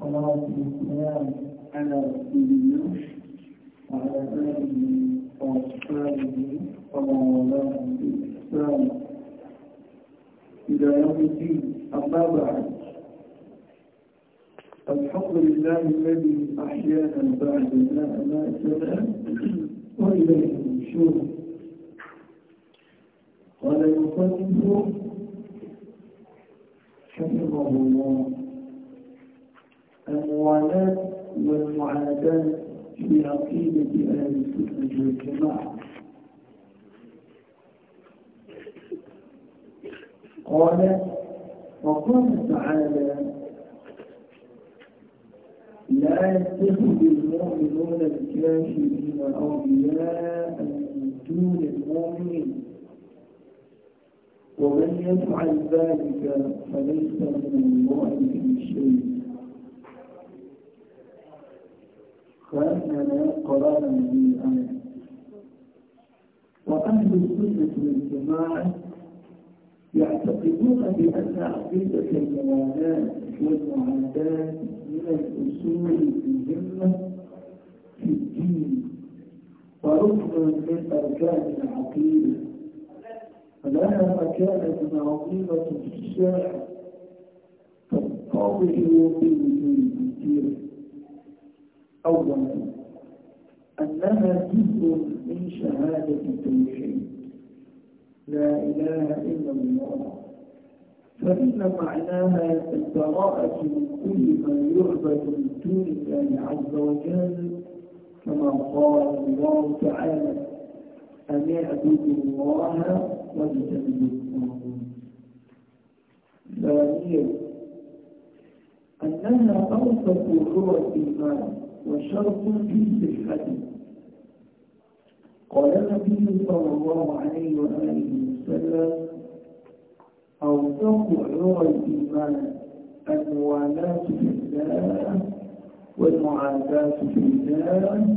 صلاة الإسلام على وعلى آله ومن والاه إلى يوم الدين أما بعد الحمد لله الذي أحيانا بعد ما أماتنا وإليه المشور قال يصنف حفظه الله الموالاة والمعاداة في عقيدة أهل السنة والجماعة قال وقال تعالى لا يتخذ المؤمنون الكافرين أولياء من دون المؤمنين ومن يفعل ذلك فليس من الله في شيء فأننا قرانا من الآية وأهل السنة والجماعة يعتقدون بأن عقيدة الموالاه والمعاداة من الأصول المهمة في الدين وركن من أركان العقيدة فلها مكانة عظيمة في الشارع تنطبق في وجود كثير أولا أنها جزء من شهادة التوحيد لا إله إلا الله فإن معناها البراءة من كل ما يعبد من دون الله عز وجل كما قال الله تعالى أن اعبدوا الله واجتنبوا الطاغوت ثانيا أنها أوصف روح الإيمان وشرط في صحته قال النبي صلى الله عليه وآله وسلم أوثق عرى الإيمان الموالاة في الله والمعاداة في الله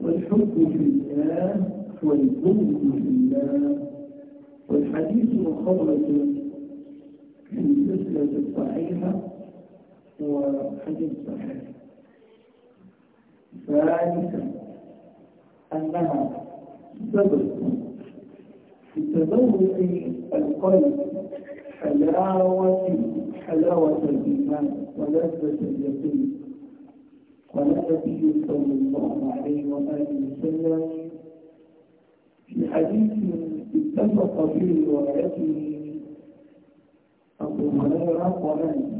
والحب في الله والبغض في الله والحديث مخرج في السلسلة الصحيحة وحديث صحيح ذلك أنها سبب تذوق القلب حلاوة حلاوة الإيمان ولذة اليقين قال النبي صلى الله عليه وآله وسلم في حديث اتفق في روايته أبو هريرة قال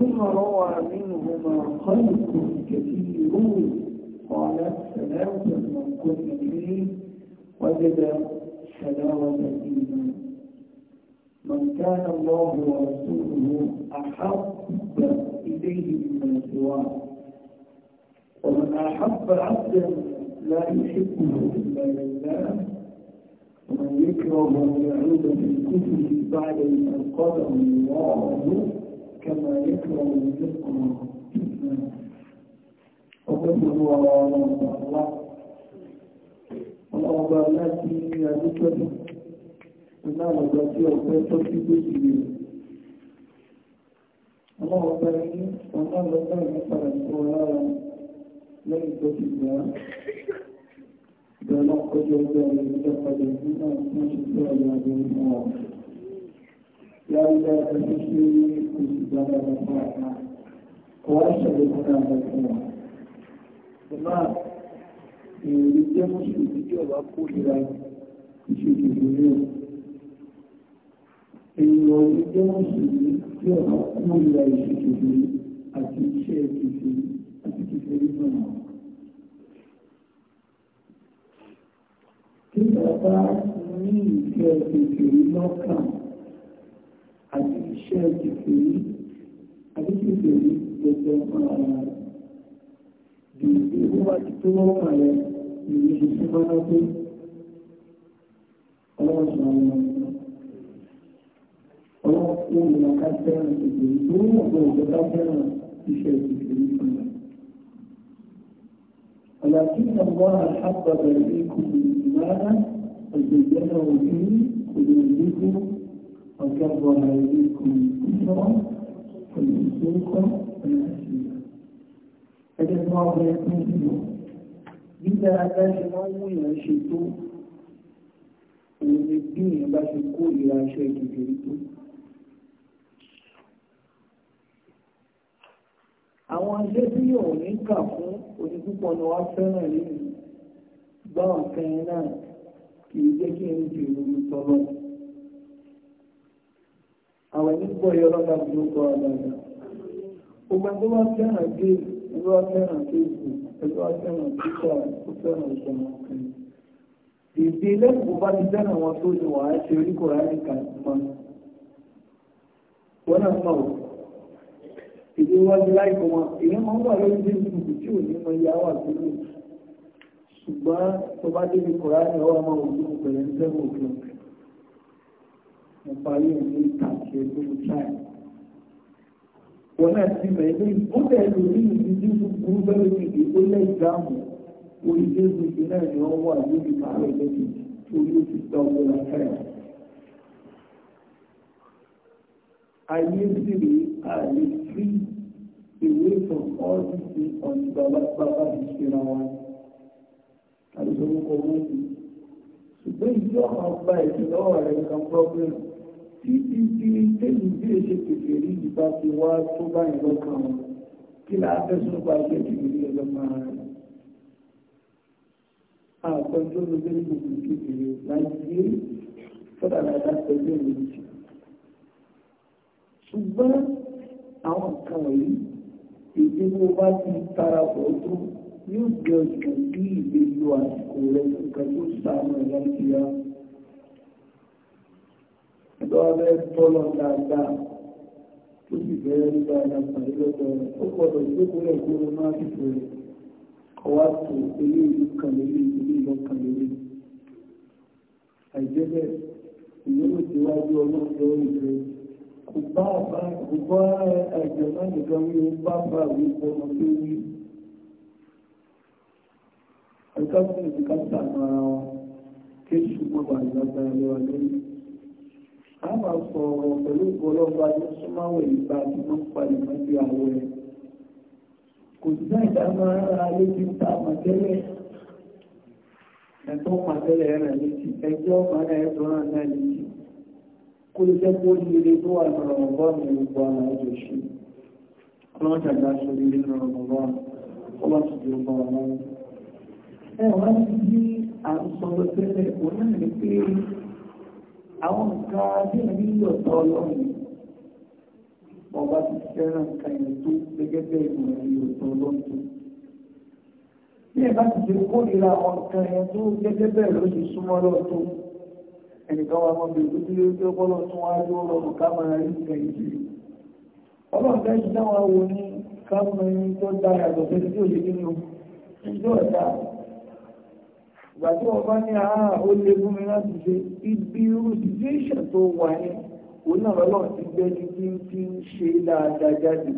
ثم روى منهما خلق كثيرون قال ثلاثة من كل فيه وجد حلاوة الإيمان من كان الله ورسوله أحب إليه مما سواه ومن أحب عبدا لا يحبه إلا لله ومن يكره أن يعود في الكفر بعد أن قدم الله كما يكره الرزق وقلت هو الله ọlọ́ọ̀gbà láti àdúgbẹ́bù ìlànàgbà tí ọ̀pẹ́ tó sí gbèsè rẹ̀ ọlọ́ọ̀gbà ní ọlọ́ọ̀gbà ní pàdàkọ́ lára lẹ́yìn tó ti gbà ìgbà náà kọjọ ọgbà rẹ̀ ìjọba rẹ̀ يبدأ تشتري كتابة الفاتحة وأشهد كتابة الفاتحة تمام ìrìnjẹ́ mọ́sùlùmí tí se kó lera ìṣèjì ìrìnlẹ̀ èèyàn ìrìnjẹ́ mọ́sùlùmí tí ọba kó lera ìṣèjì ìrìnlẹ̀ àti iṣẹ́ ìkìfẹ́ àti kìfẹ́ nínú kí bàbá ní ìfẹ́ ìkìfẹ́ lọ́kàn àti iṣẹ́ ìfèrí àti ìfèrí gbogbo ọ̀rọ̀ bí ìwé wá ti tó wọ́n wà rẹ̀ ìwé ìṣẹ́ bá wá pé ọlọ́run sọ àwọn ọmọ ọlọ́run fún ìlà ká fẹ́ràn ìfèrí tó wọ́n wọ̀ ọ̀gbọ́n ká fẹ́ràn iṣẹ́ ìfèrí fún wa. ولكن الله حبب إليكم الإيمان وزينه في قلوبكم وكبر إليكم كفرا ويحييكم الأسئلة ẹgbẹ́ tó ọgbẹ́ ẹkùn ìlú gbígbà adáṣe máa ń mú ìyàn ṣe tó òun ni bí ìyàn bá ṣe kó ìra aṣọ ìdìbò tó àwọn iṣẹ́ tí yóò ní kà fún oní púpọ̀ ni wá fẹ́ràn lẹ́yìn gbá ọ̀kan náà kì í jẹ́ kí n jèrò tọ́lọ́pù àwọn nígbọ̀ yọ lọ́gbà tó kọ́ ọ̀dọ̀dọ̀ ọgbà tó wá fẹ́ràn dé ẹgbẹ́ wá fẹ́ràn tó kù ẹgbẹ́ wá fẹ́ràn tó kọ́ ó fẹ́ràn ìṣẹ̀mọ̀ kan ìdí lẹ́kùn bá ti fẹ́ràn wọn tó ní wàá ṣe orí kòránì kan mọ́ wọn náà mọ̀ ìdí wájú láìpọ̀ wọn ìyẹn máa ń wà lórí bí tí ò ní mọ iye àwọn àgbélé ṣùgbọ́n tó bá débi mo parí ẹ̀ ní kàṣẹ tó ń ṣáì. Wọ́n náà ti mẹ̀ ní ó tẹ̀lé ní ìdí tí ó burú bẹ́ẹ̀ ní ìdí tó lẹ́ ìdáàmú. Orí Jésù ti náà ni wọ́n wà lórí ìbára ìlẹ́jì torí ó ti gba owó lákàrà. Ayé sì rí ààyè sí ìwé ìtàn ọ́ọ́dún sí ọ̀nì bàbá bàbá ìṣẹ́ra wa. Àlùsọ̀rọ̀ kọ̀ọ̀mọ́sí. Ṣùgbọ́n ìjọ àwọn ọba ìṣẹ̀lẹ̀ ọ̀rẹ́ kan pọ́blẹ́mù tí ibi tẹ́lù bí èṣe pèsè rí ìgbà ti wá tó bá ìlọ́kàn wọn kí láà fẹ́sùn bá jẹ́ ìrírí ọlọ́mọ ara rẹ̀ àpẹjọ́ ló lé gbogbo kékeré láìsí fọ́dà láìdá pẹ̀lú ìlú ti ṣùgbọ́n àwọn kan wọ̀nyí èdè mo bá ti tara pọ̀ tó yóò gbé ọjọ́ bí ìlú àsìkò rẹ̀ nǹkan tó sàánú ẹ̀ láti yára lọ́wọ́ tọ́lọ dáadáa tó sì bẹ̀rẹ̀ nígbà ìdàpàdé lọ́dọ̀ rẹ̀ ó gbọ́dọ̀ ìgbékúnlẹ̀ ìgboro máa fi bẹ̀rẹ̀ ọwá tó ilé ìlú kàlélé ilé ìlú kàlélé àìjẹ́bẹ̀ ìyẹ́wò tí wájú ọlọ́dọ̀ ìgbẹ́ kò bá àìjẹ́ náà nìkan wí ó bá bá àwọn ìpọ̀ ọmọ tó wí àìkáfíìsì ká sàmà ara wọn kéṣù mọ́bà ìlàgbà ẹ̀lẹ́wà lẹ́yìn a máa sọ ọ̀rọ̀ pẹ̀lú ìgbọ́lọ́gba tó súnmáwò ìgbà tí wọ́n palẹ̀ mọ́ sí àwọ̀ rẹ̀ kò sí náà ìdáná ara lójú ta màtẹ́lẹ̀ ẹ̀tọ́ màtẹ́lẹ̀ rẹ̀ létí ẹjọ́ ọ̀gbọ́n ẹ̀tọ́ náà náà létí kó lè jẹ́ kó lè tó wà ní ọ̀rọ̀mọ̀bọ́ mi gbogbo àwọn àjọ ṣe ọlọ́run jàgbá sórí nínú ọ̀rọ̀mọ̀bọ́ ọlọ́run ti di ọgbà ọ̀rọ̀ ẹ̀ wá sí bí à ń sọ àwọn nǹkan adéhùn nílò ọ̀tọ̀ ọlọ́run ọba ti fẹ́ràn nǹkan ẹ̀ tó gẹ́gẹ́ bẹ́ẹ̀ ìmọ̀ ẹ̀rí ọ̀tọ̀ ọlọ́run tó bí ẹ bá ti ṣe kórìíra àwọn nǹkan ẹ̀ tó gẹ́gẹ́ bẹ́ẹ̀ ló ṣe súnmọ́ lọ́tọ́ ẹnìkan wa mọ̀ bẹ̀rẹ̀ tó yẹ kí ọpọlọ tún wá yóò rọrùn ká máa rí nǹkan yìí kiri ọlọ́run fẹ́ ṣe táwọn wo ní ká mọ ẹni tó dára lọ́sẹ̀ tí ó ṣe kí ni ó ń ìgbà tí wọ́n bá ní àá ah, ó lè fún mi láti ṣe ibi irú situation tó wà yẹn òun náà lọ́lọ́run ti gbé ní kí n ti ń ṣe dáadáa jáde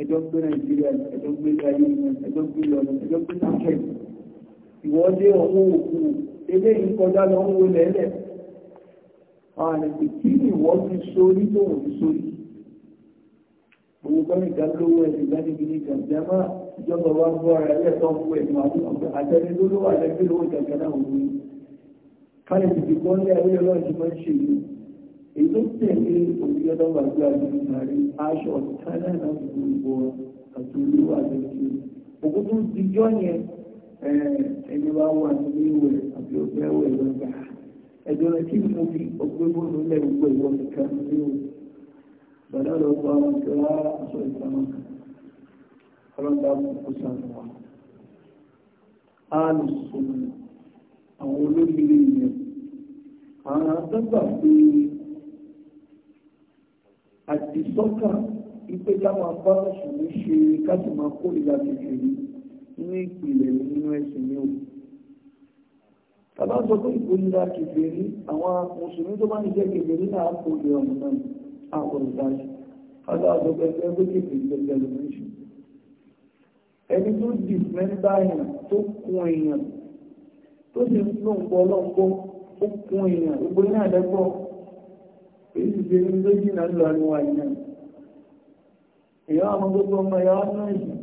ẹjọ́ gbé nàìjíríà ẹjọ́ gbé ayé ẹjọ́ gbé lọ́nà ẹjọ́ gbé nàìjíríà ìwọ́dé ọ̀hún òkú eléyìí kọjá lọ ń wo lẹ́lẹ̀ àwọn ìpí ìwọ́ fi sórí tó wọ́n fi sórí gbogbo gbọ́nìkan lówó ẹ̀sìn gbá níbi ní gàmjámáà ìjọba wa gbọ́ ara ẹ̀ tó ń pè ní àwọn àtẹni lóló wà lẹ́gbẹ́ lówó ìjọba náà wù mí kálí ìdìbò kan lé ayé ọlọ́run ti máa ń ṣe yìí èyí tó tẹ̀lé òbíọ́dọ́ wà gbé agbègbè màrí aṣọ ọ̀tánà náà fi gbogbo àti olówó àtẹ̀sí òkú tó ti jọ́ yẹn ẹni wá wà ní ìwẹ̀ àbí ọgbẹ́ ẹwẹ̀ lọ́gbà ẹjọ́ rẹ̀ kí mo fi ọgbẹ́ bọ́ọ̀lù lẹ́ gbogbo ìwọ̀n nìkan ní ìwẹ̀ bàdá lọ́gbà àwọn ìjọba aṣọ ìpamọ́ kan lábùkù kó sànù a àánú sọnù àwọn olóbìnrin ilẹ̀ àwọn àtọ́gbà pé àdìsọ́kà ipe táwọn abáwọ̀sùn ló ṣe káàtì máa kó ìlà kékeré nínú ìpìlẹ̀ nínú ẹ̀sìn ní òkú tàbá sọ pé ìpolíra kèfèrí àwọn mùsùlùmí tó bá ń jẹ́ kèfèrí náà kò lè ọmọ náà àkọlùdájú kájá àjọpẹ́ ẹgbẹ́ kèfèrí ẹni tó dì mẹ́ta èèyàn tó kun èèyàn tó sì ń lò ń gbọ́ ọlọ́gbọ́ ó kun èèyàn gbogbo ní àdẹ́gbọ́ èyí sì ṣe ní lójú náà lọ ní wa ìyẹn ìyá àwọn gbogbo ọmọ ìyá wọn náà yìí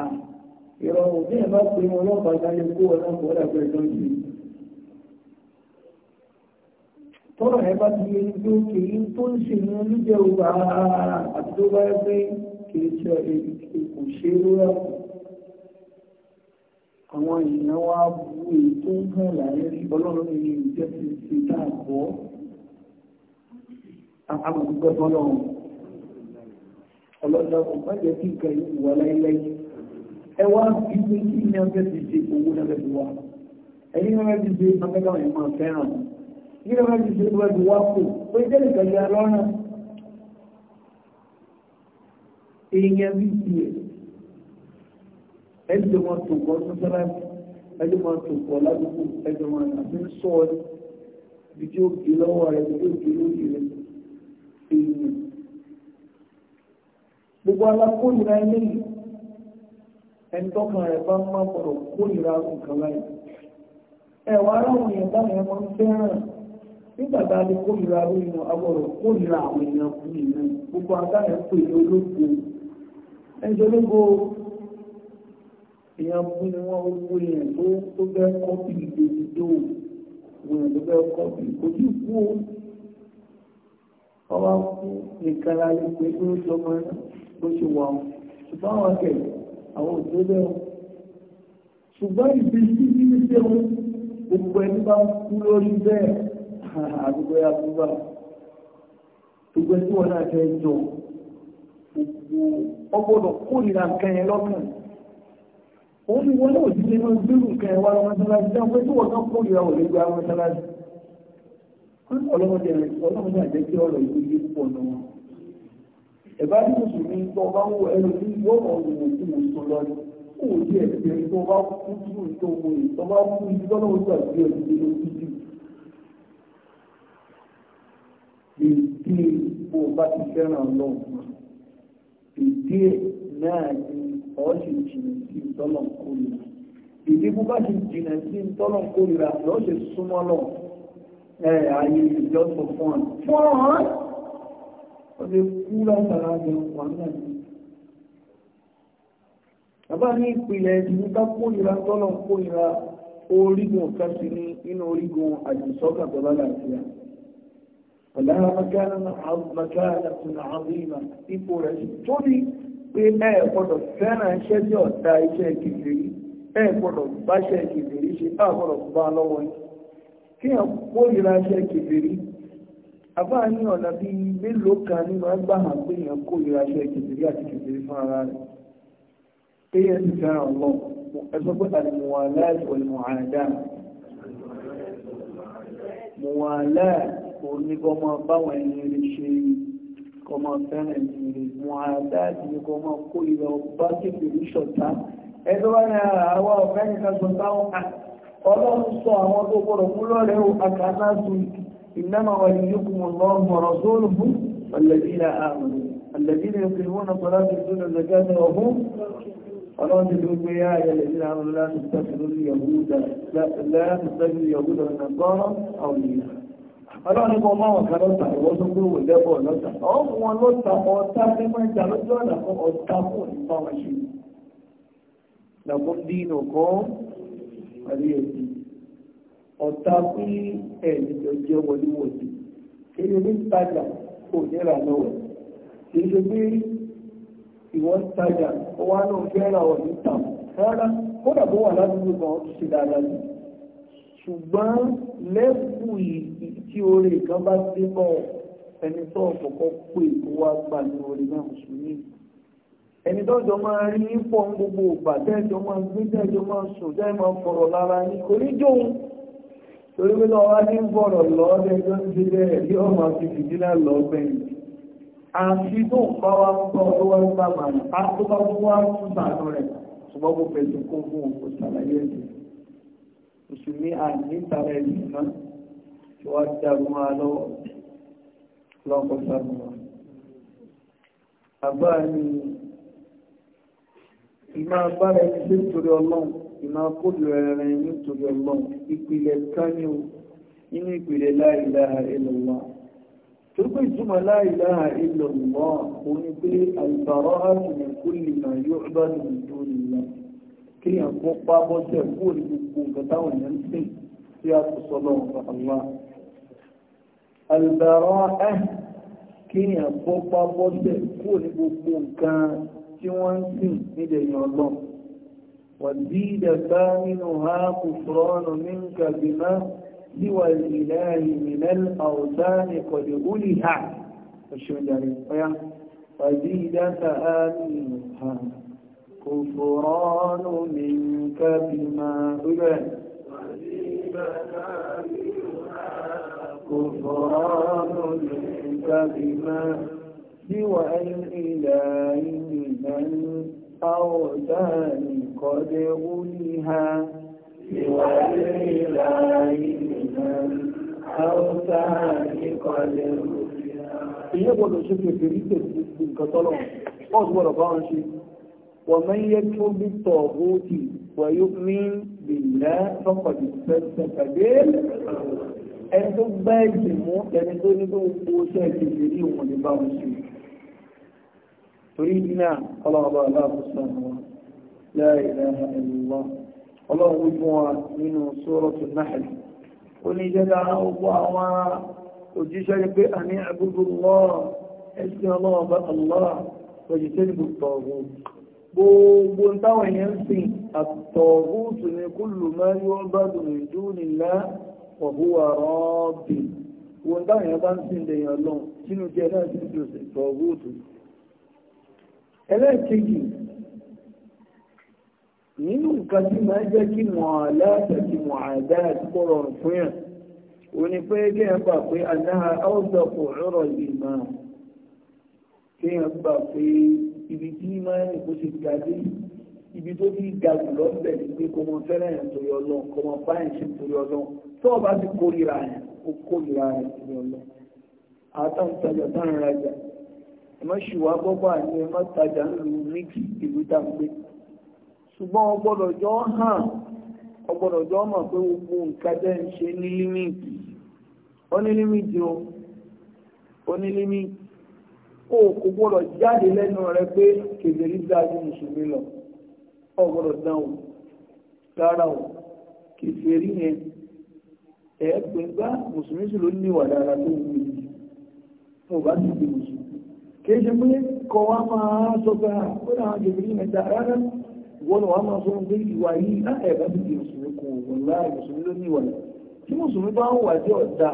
à ìrọ̀rùn bí ẹ̀ bá pe wọn lọ́pàá sáyé kó wọn náà kọ́ dàgbẹ́ ìjọ yìí tọ́rọ̀ ẹ bá ti yẹ ní pé ó kì tó ń ṣe ní oníjẹ́ ògbà àti tó bá yẹ pé kìí ṣe kò ṣe rúra àwọn èèyàn wá bú èyí tó ń hàn láyé ọlọ́run ní ìjẹ́ ti ṣe dáàbọ̀ amọ̀dúgbẹ́ fọlọ́run ọlọ́dọ̀ kò má jẹ́ kí nǹkan yìí wà láéláé ẹ wá bí pé kí ní ọjọ́ ti ṣe owó náà lẹ́bi wá ẹ̀yìn náà ti ṣe ọjọ́ káwọn èèyàn máa fẹ́ràn yìí náà ti ṣe ọjọ́ wá kò pé jẹ́ nìkan yà èèyàn bí tiẹ̀ ẹjọ́ máa tó kọ́ sọ́sọ́láṣí ẹjọ́ máa tó kọ́ ládùúgbò ẹjọ́ máa àti sọ ọ́ ibi tí ó gbé lọ́wọ́ rẹ̀ ibi tí ó gbé lórí rẹ̀ èèyàn. gbogbo alákòóyìnrá ilé yìí ẹni tọ́kàn rẹ̀ bá máa bọ̀rọ̀ nǹkan ẹ̀wọ̀n aráwọ̀ yẹn máa ń fẹ́ràn nígbà tá a lè lórí wọn àwọn èèyàn fún ìlú gbogbo agbára pè ẹjọ́ lógo èèyàn mú ni wọ́n gbogbo èèyàn tó tó bẹ́ kọ́pì ìdòdó wọ́n tó bẹ́ kọ́pì ojú kú ọwá kú nìkan láyé pé ó jọ mọ́ bó ṣe wà ṣùgbọ́n àwọn akẹ́kọ̀ọ́ àwọn òjò bẹ́ẹ̀ ṣùgbọ́n ìbí títí ní sẹ́wọ́n gbogbo ẹni bá kú lórí bẹ́ẹ̀ àdúgbò yà gbogbo ẹni tí wọ́n náà fẹ́ jọ ọgbọ́dọ̀ kórìíra nǹkan yẹn lọ́kàn òun ni wọn náà dílé máa ń gbérù nǹkan yẹn wá lọ mọ́sálásí dáhùn pé tí wọ́n náà kórìíra ò lè gba mọ́sálásí ọlọ́mọdé rẹ̀ ọlọ́mọdé àjẹ́ kí ọ̀rọ̀ ìlú yé pọ̀ lọ wọn ẹ̀bá ní mùsùlùmí tó bá wo ẹnu ní yóò ọ̀rùn òkú òsùn lọ ni kó o jẹ́ ẹ̀sẹ̀ tó bá kú jù tó wo yìí tó bá kú jù lọ́nà ojú àti ẹ̀sẹ̀ o bá ti fẹ́ràn lọ́wọ́ ìdí ẹ̀ náà ni ọ̀ ṣe jìnà sí ìtọ́lọ̀ kórìíra ìdí bó bá ṣe jìnà sí ìtọ́lọ̀ kórìíra lọ́ ṣe súnmọ́ lọ ẹ̀ ayé ìjọsọ fún ọ fún ọ ọ lè kú látara ẹ̀ wà náà ni bàbá ní ìpìlẹ̀ ìdíkà kórìíra tọ́lọ̀ kórìíra orígun kan sí ní inú orígun àjùsọ́kà tọ́lá láti àná ọ̀lára mẹ́kánà àbímà ipò rẹ̀ tó ní pé ẹ gbọ́dọ̀ fẹ́ràn iṣẹ́ tí ọ̀tá iṣẹ́ iṣẹ́ kìfèrí ṣe iṣẹ́ kìfèrí àbá ní ọ̀nà iṣẹ́ kìfèrí àti òun ní kọ́ mọ́ báwọn ẹni rí ṣe kọ́ mọ́ fẹ́ràn ẹni rí wọn àdáàdì ní kọ́ mọ́ kó ìlọ bá kékeré ṣọ̀tá ẹjọ́ bá ní ara àwa ọ̀fẹ́ nìkan sọ táwọn ọlọ́run sọ àwọn tó gbọ́dọ̀ fún lọ́rẹ̀ ó àkàtà tu ìnáma wà ní yókù mọ̀ lọ́rùn ọ̀rọ̀ sóòlù fún ọ̀lẹ́dínà àmì ọ̀lẹ́dínà ìpínlẹ̀ sọ́lá ti tún lọ gẹ́gẹ́ ọ̀hún ọlọ́run ti ló gbé yá ẹ̀lẹ́dínà àmì ọlọ́run ní kọ́ máa wọ̀n kan lọ́ta ìwọ́n tó gbé òwò lẹ́bọ̀ lọ́ta ọ̀hún wọn lọ́ta ọ̀tá tí wọ́n jà lójú ọ̀nà fún ọ̀tá fún ìfá wọn ṣe lọ́gbọ́n dín nìkan pẹ̀lú ẹ̀sìn ọ̀tá fún ẹ̀mí tó jẹ́ wọléwọ̀dì kí ni ní tajà kò nira lọ́wọ́ kì í ṣe pé ìwọ́n tajà ó wá náà fẹ́ràn ọ̀dún tà rárá kódà tó wà ládùúgbò kan ó ti ṣe dáadáa ṣùgbọ́n lẹ́bù tí orí kan bá sí mọ́ ẹni tó ọ̀kọ̀ọ̀kọ́ pè kó wá gbà ní orí náà mùsùlùmí ẹni tọ́jọ́ máa rí ní pọ̀ ń gbogbo ògbà tẹ́jọ́ máa gbé tẹ́jọ́ máa sùn tẹ́ máa fọ̀rọ̀ lára ní oríjòun torí pé lọ́wọ́ wá ní fọ̀rọ̀ lọ́ọ́dẹ́jọ́ ń ṣe bẹ́ẹ̀ bí ọmọ fi fìdí náà lọ́ọ́gbẹ̀yìn àti tó ń bá wá ń bọ́ tó wá ń bá màá ní bá wá ń bàánú rẹ̀ ṣùgbọ́n mo fẹ̀sùn kó fún òkú ṣàlàyé ẹ̀sìn mùsùlùmí àìnítàrà ẹ̀sìn náà tí wá dárún wa lọ́wọ́ lọ́pọ̀ sàrùnwà àbá ni ìmá bára ẹni sí nítorí ọlọ́run ìmá kódù ẹ̀rẹ̀ nítorí ọlọ́run ìpìlẹ̀ kányó nínú ìpìlẹ̀ la ilaha illallah tó pé ìtumọ̀ la ilaha illallah òun ni pé kéèyàn kó pa bọ́sẹ̀ kúrò ní gbogbo nǹkan táwọn èèyàn ń sìn tí a kò sọ́lọ́ ọ̀rọ̀ àlá. àlùbàrọ̀ ẹ̀ kéèyàn kó pa bọ́sẹ̀ kúrò ní gbogbo nǹkan tí wọ́n ń sìn nílẹ̀ yẹn ọlọ́ وَالدِّينَ ثَامِنُهَا كُفْرَانُ مِنْكَ بِمَا سوى الإله من الأوثان قد أُلِهَا. الشيء الجليل. وزيد ثامنها كفران منك بما إذن كفران منك بما سوى الإله من أوثان قد غلها سوى الإله من أوثان قد غلها إيه قد شكل في ريتك من كتلون أصبر فانشي ومن يكفر بالطاغوت ويؤمن بالله فقد استمسك بالعروة ẹni tó bá ẹ̀jẹ̀ mú ẹni tó ní tó kó ṣe ìdíje ní òun ní bá wọn ṣe torí náà ọlọ́ọ̀bá aláàbùsàn wọn la ilaha illallah ọlọ́run wí wa nínú suratu Nahl ó ní jẹ́ dáa ọgbọ́ àwọn òjíṣẹ́ ní pé a ní lọ́ọ̀ ẹ̀sìn ọlọ́ọ̀bá allah gbogbo táwọn èèyàn sìn àtọ̀hútù ní kúlù máa yóò bá dùn jù nílá ọ̀húwà rọ́ọ̀bì gbogbo táwọn èèyàn bá ń sìn lèèyàn lọ́n sínú jẹ́ náà sí ìjọsìn tọ̀hútù ẹlẹ́ẹ̀kejì nínú nǹkan tí máa jẹ́ kí mọ̀ aláàtàkì mọ̀ àdáàtì pọ̀rọ̀ fún yàn ò pé gẹ́gẹ́ bà pé anáhà áwùjọ kò rọ̀rọ̀ ìmọ̀ kéèyàn gbà pé ibi tí máa ń kó ṣe ga dé ibi tó ti ga jù lọ́bẹ̀ ni pé kò mọ fẹ́ràn yẹn torí ọlọ́run kò mọ báyìí ṣe torí ọlọ́run tó o bá ti kórìíra yẹn o kórìíra yẹn torí ọlọ́run àtàǹtajà táwọn rajà ẹ má ṣùwà gbọ́gbà ni ẹ má tajà ń lu níkì ìlú dàgbé ṣùgbọ́n ọgbọ́dọ̀ jọ hàn ọgbọ́dọ̀ jọ mọ̀ pé gbogbo nǹkan jẹ́ ń ṣe ní límìtì ó ní límìtì o ó ní límìtì o kò gbọ́dọ̀ jáde lẹ́nu rẹ pé kèbèrè dájú mùsùlùmí lọ ọ gbọ́dọ̀ dán o rárá o kèfèrí yẹn ẹ̀ẹ́gbẹ̀gbá mùsùlùmí sì ló níwà dára tó wù mí mo bá ti di mùsùlùmí kìí ṣe pé kọ wá máa sọ pé àkóyà ah, àwọn kèfèrí yẹn dá rárá wọn wá máa sọ pé ìwà yìí náà ah, ẹ̀ẹ́bá ti di mùsùlùmí kò wọ́n láì mùsùlùmí ló níwà tí mùsùlùmí bá ń wà tí ọ̀dà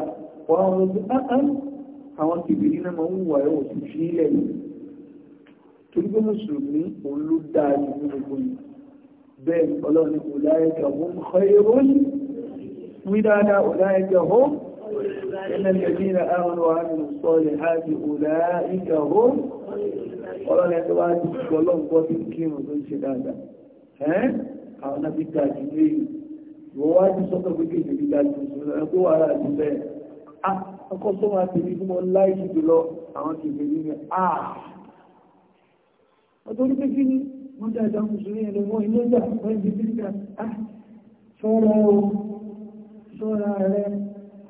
wọ́n á lọ sí ah, àwọn kìbìrí náà máa ń wà ẹ̀wọ̀ tó fi nílẹ̀ yìí torí pé mùsùlùmí òun ló dáa jù ní gbogbo yìí bẹ́ẹ̀ ọlọ́run ní ọ̀láyẹ̀kẹ̀ ọ̀hún khairun wí dáadáa ọ̀láyẹ̀kẹ̀ ọ̀hún ẹ̀nà ọkọ̀ tó máa tèmi fún mọ́ láìsí jùlọ àwọn tèmi ah! ní rẹ̀ àà ọdún orí pé ní wọ́n jẹ́ ẹ̀dá mùsùlùmí ẹ̀lẹ́ wọ́n ilé ìgbà wọ́n ibi tí ìgbà ṣọ́ra o ṣọ́ra rẹ̀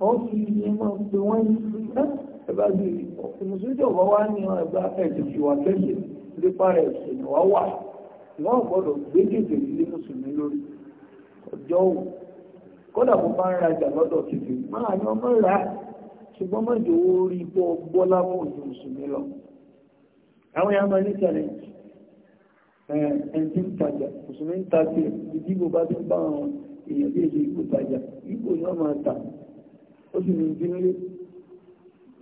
ọ̀sùn ìyẹn máa pè wọ́n ní ah! ẹ̀bá bí mùsùlùmí tó wọ́n wá ní ẹ̀bá ẹ̀jẹ̀ fi wà kẹ́yẹ̀ lépa rẹ̀ ṣẹ̀nà wá wà wọ́n gbọ́dọ̀ gbé kéde ilé mùsùlùmí lórí ọjọ́ òun kódà mo bá ń rajà lọ́dọ̀ kìkì máa ní ọmọ rà á ṣùgbọ́n mọ́jọ orí bọ́ bọ́lá fún òjò mùsùlùmí lọ àwọn èèyàn máa ní challenge ẹni tí ń tajà mùsùlùmí ń ta sí ìdí ìbò bá ti ń bá àwọn èèyàn bí èdè ìbò tajà ìbò yóò máa ta ó sì ní ìdílé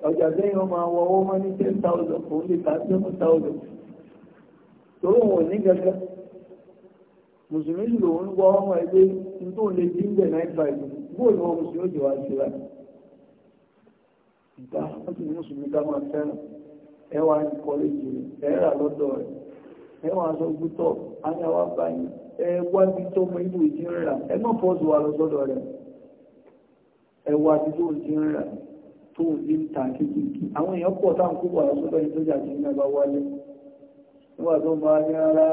ọjà lẹ́yìn ọmọ àwọn owó máa ní ten thousand fún lè ta seven thousand torí wọn ní gẹ́gẹ́ mùsùlùmí lòun wọ ọmọ ẹgbẹ́ tó lè dín bẹ̀ náà ìgbà ìlú bóòlù wọn mùsùlùmí ò jẹ́ wá sí láti ìgbà wọ́n sì ní mùsùlùmí ká máa fẹ́ràn ẹwà ní kọ́lẹ́jì rẹ̀ ẹ̀rà lọ́dọ̀ rẹ̀ ẹwà sọ gbútọ̀ anyáwá báyìí ẹwà bí tó mọ ibò ìdí ń rà ẹ má fọ́ọ̀sù wa lọ́sọ́dọ̀ rẹ̀ ẹwà bí tó ìdí ń rà tó ìdí ń ta kékeré àwọn èèyàn pọ̀ táwọn kó wà lọ́sọ́dọ̀ yìí tó jà sí iná bá wálé nígbà tó máa ní ara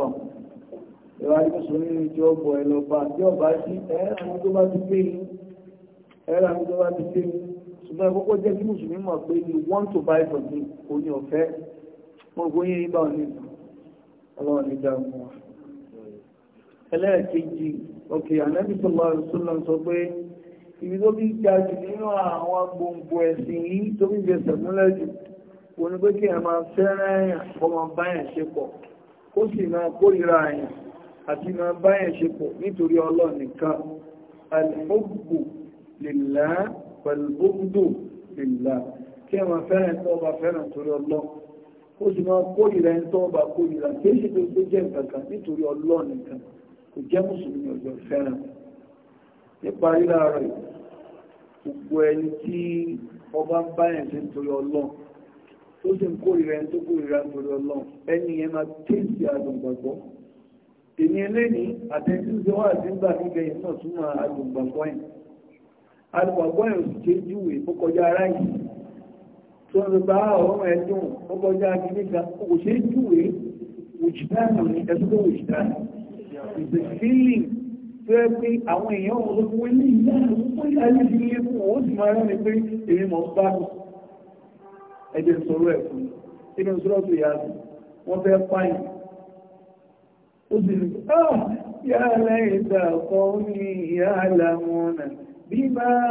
òun ìwà ní mùsùlùmí ní ti ọgbọ̀ ẹ̀ lọ bá tí ọba sí ẹ̀rọ tó bá ti pé yín ẹ̀rọ tó bá ti pé yín ṣùgbọ́n ẹ̀kọ́kọ́ jẹ́ kí mùsùlùmí mọ̀ pé to buy from me kò ní ọ̀fẹ́ mo gbọ́ yín yín bá wọn ní ọlọ́run ní dáhùn wọn. ẹlẹ́ẹ̀kejì òkè ànábì sallallahu alaihi wasallam sọ pé ibi tó bí ga jù nínú àwọn gbòǹgbò ẹ̀sìn yìí tó bí jẹsẹ̀ múlẹ̀ jù òun ni pé kí ẹ máa fẹ́ràn ẹ̀yàn kọ́ máa bá ẹ̀yàn ṣe pọ̀ kó sì máa kórìíra ẹ̀yàn àti máa báyẹ̀ ṣe pọ̀ nítorí ọlọ́run nìkan alhubbu lillah pẹ̀lúbùdù lillah kí ẹ máa fẹ́ràn tó ọba fẹ́ràn torí ọlọ́run ó sì máa kórìíra ẹni tó ọba kórìíra kí èsì tó tó jẹ́ nǹkan nítorí ọlọ́run nìkan kò jẹ́ mùsùlùmí ọjọ́ fẹ́ràn nípa ríra rẹ̀ gbogbo ẹni tí ọba ń báyẹ̀ ṣe torí ọlọ́run ó sì ń kórìíra ẹni tó kórìíra torí ọlọ́run ẹni yẹn máa tẹ́sí àdùn gbàgbọ́ èmi eléni àtẹ́júṣe wà sí gbà nígbẹ̀ ìmọ̀ súnmọ́ alùpàpọ̀yìn alùpàpọ̀yìn sì ṣe júwe ó kọjá ara yìí tó ń bá ọ̀rọ̀ ẹ̀dùn ó kọjá gíníkà kò ṣe júwe òjìdánù ní ẹ̀sùn tó òjìdánù ìgbè feeling tó ẹ pé àwọn èèyàn wọn ló fún ilé ìyá ó yà á lè fi ilé fún òun ó sì máa rẹ́ni pé èmi mọ̀ ń bá mi ẹ̀jẹ̀ sọ̀rọ̀ ẹ̀kún inú sọ́rọ̀ tó yà á wọ́n fẹ́ pààyàn أدرك آه يا ليت قومي يعلمون بما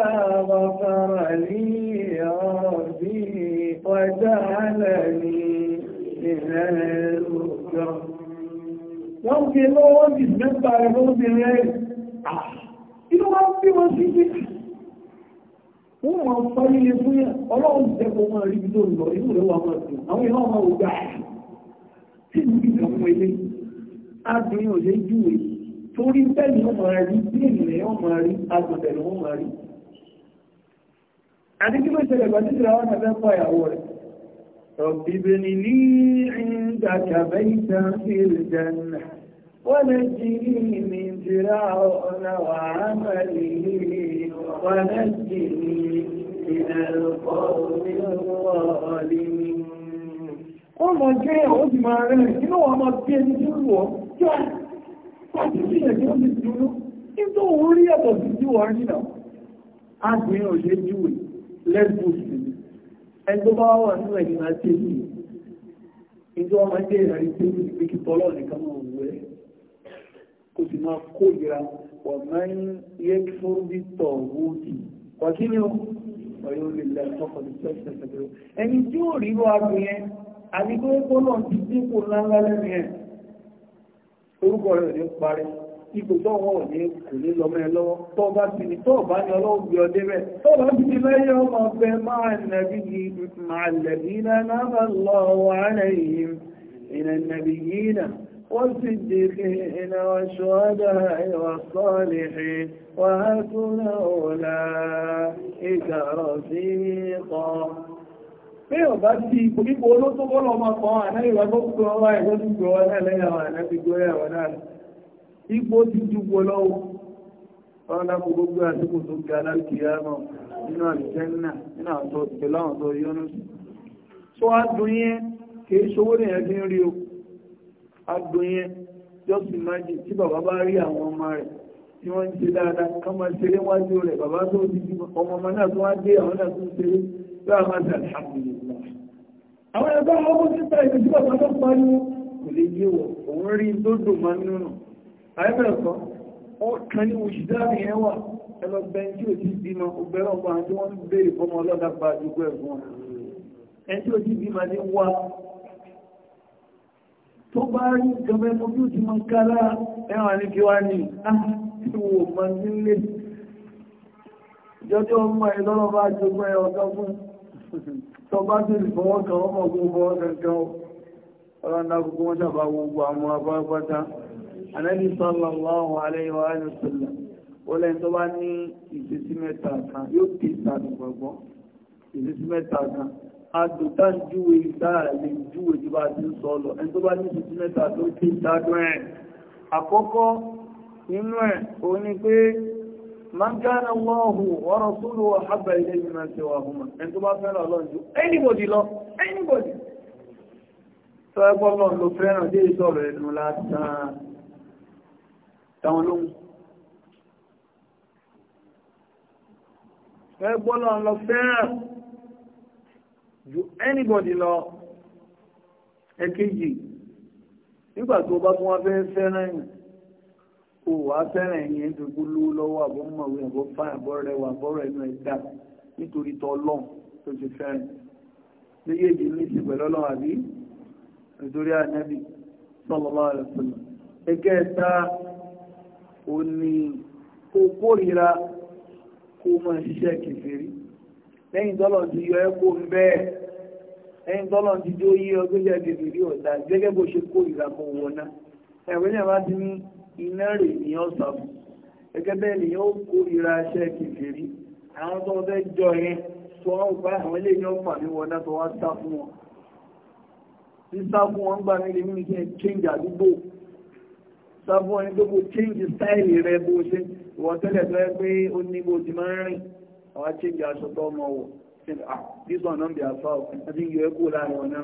غفر لي ربي وجعلني من المكرمين wọ́n fi lọ ah, wọ́n ti mẹ́ta ẹ̀fọ́ obìnrin ẹ̀ inú wọ́n bí wọ́n sí sí wọ́n wọ́n fáyé lè fún yẹn ọlọ́run jẹ́kọ̀ọ́ máa rí bí tó lọ inú rẹ̀ wà máa dùn àwọn ìlú ọmọ ògbà tí ábìnrin ò lè júwe torí bẹ́ẹ̀ni ó máa rí bí ènìyàn ó máa rí agbọ̀dẹ̀lẹ̀ ó máa rí àti kí ló ṣẹlẹ̀ gbà títí àwọn àfẹ́ fọ́ ìyàwó rẹ̀ ọ̀bìbìnrin ní ìrìnjà kàbẹ́ ìjà ìrìnjà ونجني من ọmọ jẹ́ ọdún máa rẹ̀ nínú ọmọ bí ẹni tí ó wọ́n jọ pàtí sí ẹ̀jọ́ ti dúró nígbà òun rí ẹ̀tọ̀ sí tí wọ́n rí náà agbìn òṣè júwe lẹ́gbùsì ẹni tó bá wà nínú ẹ̀yìn máa ṣe yìí nígbà wọn máa jẹ́ ìrìn tó ní pé kí tọ́lọ́ nìkan máa wù ẹ́ kò sì máa kó ìra wọ́n máa ń yẹ fún bí tọ̀ wóòtì wọ́n kí ni ó ọ̀yọ́ lè lẹ́tọ́kọ̀ ní ṣẹ́ṣẹ́ ṣẹ́ṣẹ́ ẹni tí ó rí wọ́n agbìn yẹn àbí pé kó náà ti dínkù ńláńlá lẹ́nu yẹn orúkọ rẹ̀ ò ní parí ipò tó wọ́n ò ní kò ní lọ́mọ ẹ lọ́wọ́ tó bá ti ní tó bá ní ọlọ́run bí ọdẹ bẹ́ẹ̀ tó bá ti ní lẹ́yìn ọmọ ọgbẹ́ máa nàbí náà wọ́n sì dì iná ṣọ́ọ́dà ìwà sọ́ọ̀lì ṣe wàá tún náà ọ̀la ìgbà rọ̀ sí kọ́ pé ọ̀bá ti ipò olóso bọ́lọ̀ ọmọ kan ànáyìnwá gbọ́kùnkùn ọwá ẹ̀gbọ́ ti gbọ́ ọwá náà lẹ́yìn àwọn ànábi gbọ́ ẹ̀wọ̀ náà ipò ti dúpọ̀ lọ́wọ́ wọn lápò gbogbo àdúgbò tó ga lálùkìyà náà nínú àlùjẹ́nà nínú àtọ́ pẹ̀lú àwọn tó yọ́nú sí tó adùn yẹn kìí ṣowó nìyẹn fi ń rí tí wọ́n ń ṣe dáadáa kán máa ṣeré wájú rẹ̀ bàbá tó ti di ọmọ ọmọ náà tó wá dé àwọn náà tó ń ṣeré tó a máa ṣàlẹ̀ àmìlẹ̀ àwọn ẹgbẹ́ ọmọ tí ta ìlú tí bàbá tó pariwo kò lè yé wọ̀ òun rí tó dùn máa ń nínú àìbẹ̀rẹ̀ kan ó kan ní oṣù dáàbì yẹn wà ẹlọ tí ò ti bímọ ògbẹ́rọ̀ ọmọ àti wọ́n béèrè fọmọ ọlọ́dà gba àdúgbò ẹ̀fọn tó bá rí gọbẹ́ mọ́ bí ó ti mọ kára ẹ̀wọ̀n ní kí wá ní ah, tí wò mọ nílé jọjọ́ ọmọ ẹ̀ lọ́rọ̀ bá jogbo ẹ̀ ọ̀dọ́ fún tọ bá tí lè fọwọ́ kan ọmọ gbogbo ọ̀kankan ọlọ́nà gbogbo wọn sàbà gbogbo àwọn abápátá Ànábì sallallahu alaihi wa sallam wọlé tó bá ní ìṣesí mẹ́ta kan yóò tẹ ìtàdùn gbọ̀gbọ́ ìṣesí mẹ́ta kan adùtá ń júwe ìdára lè júwe tí bá ti ń sọ lọ nínú ẹ̀ o ní pé máa ń kára wọ́ọ̀hù ọ̀rọ̀ tó lọ àbà ilé ìrìnà tí wà fún ẹni tó bá fẹ́ràn ọlọ́run ju anybody lọ anybody tó ẹgbọ́ lọ ló fẹ́ràn dé ìsọ̀rọ̀ ẹnu látàn táwọn lóhun anybody lọ ẹ̀kejì nígbà tó bá tún o wà fẹ́ràn ẹ̀yìn ẹ̀ gbólówó lọ́wọ́ àbọ̀ mọ̀wé àbọ̀ fà àbọ̀ rẹwà àbọ̀ rẹ̀ nù ẹ̀dá nítorí tọ́ tó ṣe fẹ́ràn méjèèjì ní ìsìn àbí nítorí ànábì sallallahu alaihi wasallam ẹ̀kẹ́ta ti yọ ti iná rè ní ọ̀sán gẹ́gẹ́ bẹ́ẹ̀ ni yóò kó ìra aṣẹ́ kìfèrí àwọn tó fẹ́ jọ yẹn tó wọ́n bá àwọn ilé ní ọ̀pá ní wọ́dá tó wá sá fún wọn tí sá fún wọn gbà change àdúgbò sá fún wọn change style rẹ bó ṣe ìwọ tẹ́lẹ̀ tó yẹ pé ó ní bó ti máa ń rìn àwọn change aṣọ tó ah, one don be as far as i think you echo láàrin wọn náà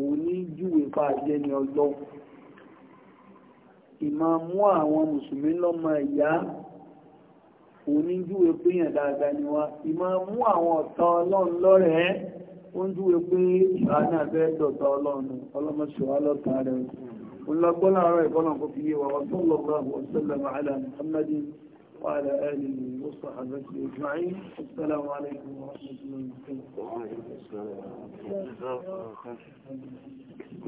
òun ní júwe pa àjẹ́ ni ọlọ́run ìmọ̀ mú àwọn mùsùlùmí lọ́mọ ìyá òun ní júwe pé yàn dáadáa ni wá ìmọ̀ mú àwọn ọ̀tá ọlọ́run lọ́rẹ̀ẹ́ ó ń júwe pé ìhànà abẹ́ dọ̀tá ọlọ́run ọlọ́mọṣùwá lọ́tà rẹ̀ ọlọ́gbọ́n láàárọ̀ ìbọ́nà kò fi yé wa wọ́n tó lọ́gbọ́n àwọn ọ̀sẹ̀ lọ́mọ وعلى آله وصحبه أجمعين السلام عليكم ورحمة الله وبركاته